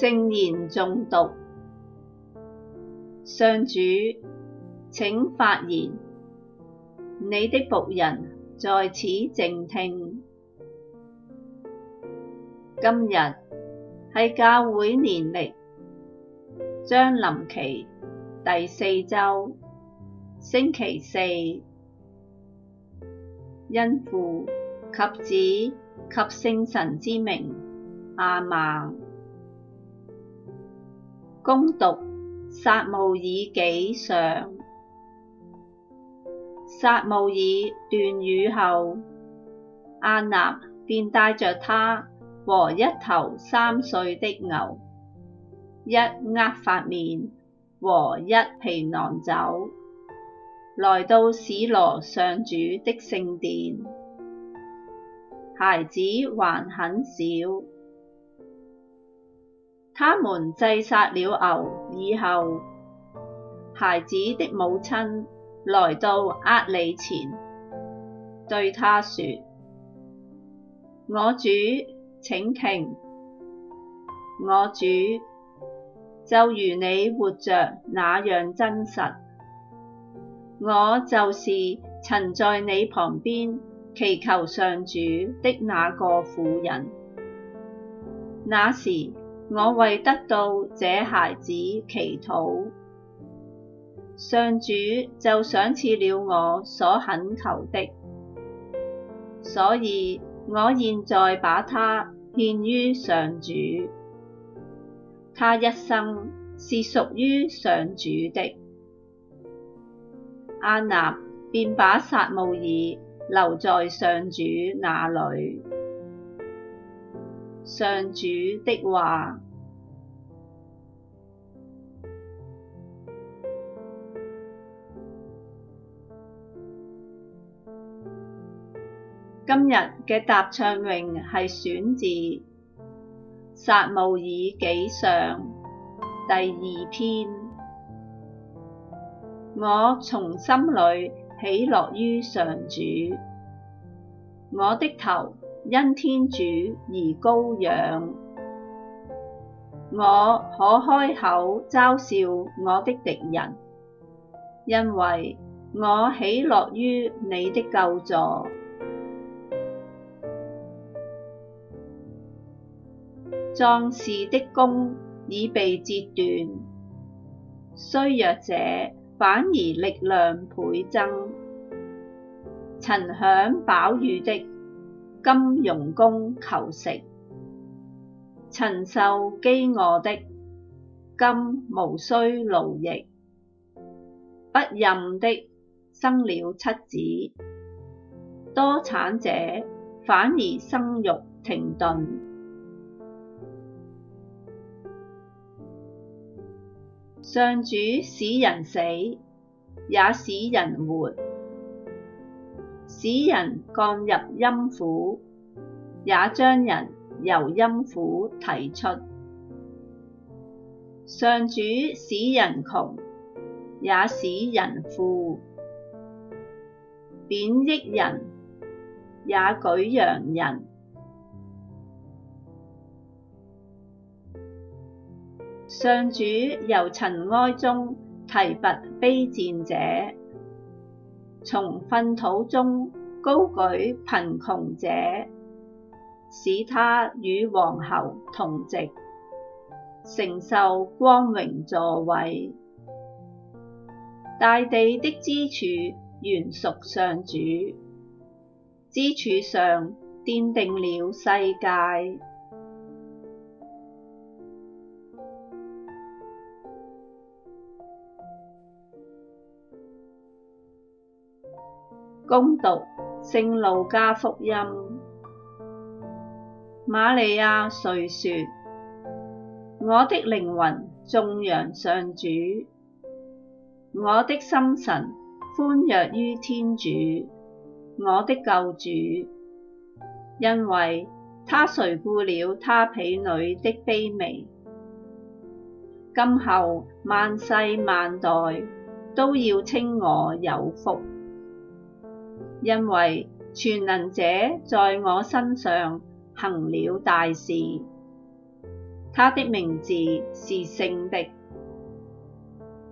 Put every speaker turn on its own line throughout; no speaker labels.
聖言誦讀。上主，請發言，你的僕人在此靜聽。今日係教會年曆將臨期第四周，星期四，因父及子及聖神之名，阿門。恭讀撒慕爾紀上，撒慕爾斷乳後，亞納便帶着他和一頭三歲的牛，一厄法麵和一皮囊酒，來到史羅上主的聖殿。孩子還很小。他們祭殺了牛以後，孩子的母親來到厄里前，對他說：我主，請聽！我主，就如你活着那樣真實，我就是曾在你旁邊祈求上主的那個婦人。那時，我為得到這孩子祈禱，上主就賞賜了我所懇求的，所以我現在把他獻於上主，他一生是屬於上主的。亞納便把撒慕爾留在上主那裡。上主的話，今日嘅答唱詠係選自撒慕爾紀上第二篇。我從心裡喜樂於上主，我的頭因天主而高仰，我可開口嘲笑我的敵人，因為我喜樂於你的救助。壯士的弓已被折斷，衰弱者反而力量倍增，曾享飽飫的。今傭工求食，曾受飢餓的，今無須勞役，不姙的生了七子，多產者反而生育停頓。上主使人死，也使人活。使人降入陰府，也將人由陰府提出。上主使人窮，也使人富；貶抑人，也舉揚人。上主由塵埃中提拔卑賤者。從糞土中高舉貧窮者，使他與王侯同席，承受光榮座位。大地的支柱原屬上主，支柱上奠定了世界。恭讀《聖路加福音》，瑪利亞遂說：我的靈魂頌揚上主，我的心神歡躍於天主，我的救主，因為他垂顧了他婢女的卑微，今後萬世萬代都要稱我有福。因為全能者在我身上行了大事，他的名字是聖的，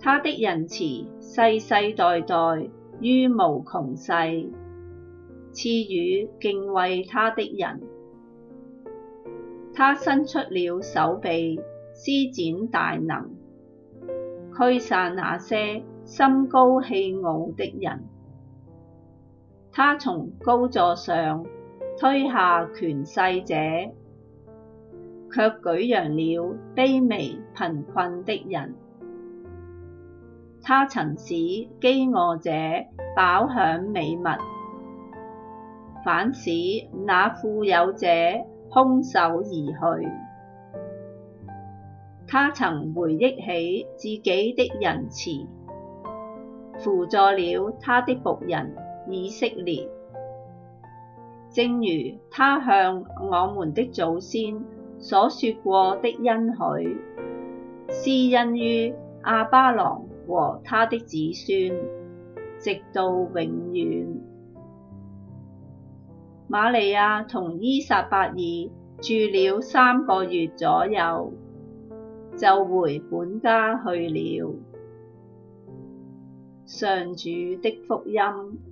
他的仁慈世世代代於無窮世，賜與敬畏他的人。他伸出了手臂，施展大能，驅散那些心高氣傲的人。他從高座上推下權勢者，卻舉揚了卑微貧困的人。他曾使飢餓者飽饗美物，反使那富有者空手而去。他曾回憶起自己的仁慈，扶助了他的僕人，以色列，正如他向我們的祖先所說過的恩許，施恩於亞巴郎和他的子孫，直到永遠。瑪利亞同依撒伯爾住了三個月左右，就回本家去了。上主的福音。